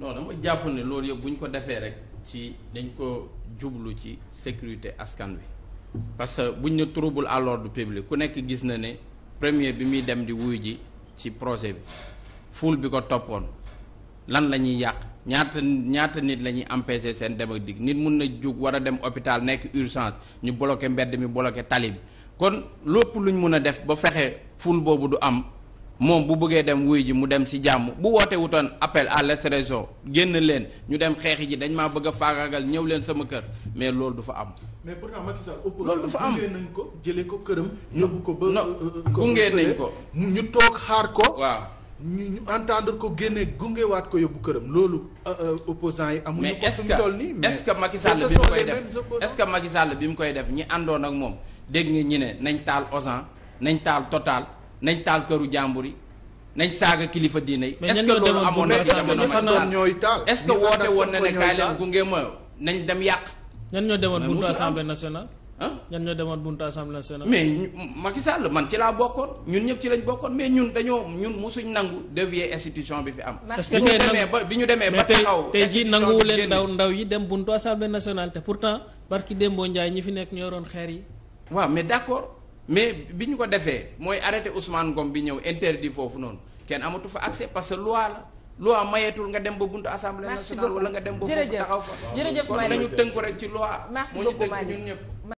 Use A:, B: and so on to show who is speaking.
A: non dama jàpp ne loolu yëpp bu ñu ko defee rek ci dañ ko jublu ci sécurité askan bi parce que buñ ne trouble à l'ordre public ku nekk gis na ne premier bi muy dem di wuy ji ci projet bi foule bi ko toppoon lan la ñuy yàq ñaata ñaata nit la ñuy empêcher seen dem ak dig nit mun na jug war a dem hôpital nekk urgence ñu bloqué mbedd mi bloqué tali bi kon lépp luñ mun a def ba fexe foule boobu du am moom bu bëggee dem wuy ji mu dem si jàmm bu woote wutoon appel à l'insurrection génn leen ñu dem xeexi ji dañ maa bëgg a faagaagal ñëw leen sama kër mais loolu du fa am. mais pourtant Macky Sall loolu du fa am gunge nañ ko jëlee ko këram. yóbbu ko ba euh, euh, gunge nañ ko. ñu toog xaar ko. waaw ñu ñu entendre ko génne gungewaat ko yóbbu këram loolu. Euh, opposants yi amuñu ko suñu toll nii mais est-ce que Macky Sall bi mu koy def est-ce que Macky Sall bi mu koy def ñi àndoon ak moom dégg nga ñi ne nañ taal Auchan nañ taal Total. nañ taal këru jàmbur yi nañ saaga kilifa diine yi. est-ce que loolu amoon na jamono ñooy taal est-ce que woote woon na ne kaay leen gunge ma nañ dem yàq. ñan ñoo demoon buntu assemblée nationale. ah ñan ñoo mais Macky man ci laa bokkoon ñun ñëpp ci lañ bokkoon mais ñun dañoo ñun mosuñ nangu dévier institution bi fi am. est-ce que bi ñu demee ba bi ñu demee ba taxaw. tey jii nanguwu leen ndaw ndaw yi dem buntu assemblée nationale te pourtant barki Dembo Ndiaye ñi fi nekk ñoo yoroon xeer yi. waaw mais bi ñu ko defee mooy arrêté Ousmane Ngom bi ñëw interdit foofu noonu kenn amatu fa accès parce que loi la loi mayeetul nga dem ba buntu assemblée nationale wala nga dem ba foofu taxaw fa kon nañu tënku rek ci loi moo ñu tënk ñun ñëpp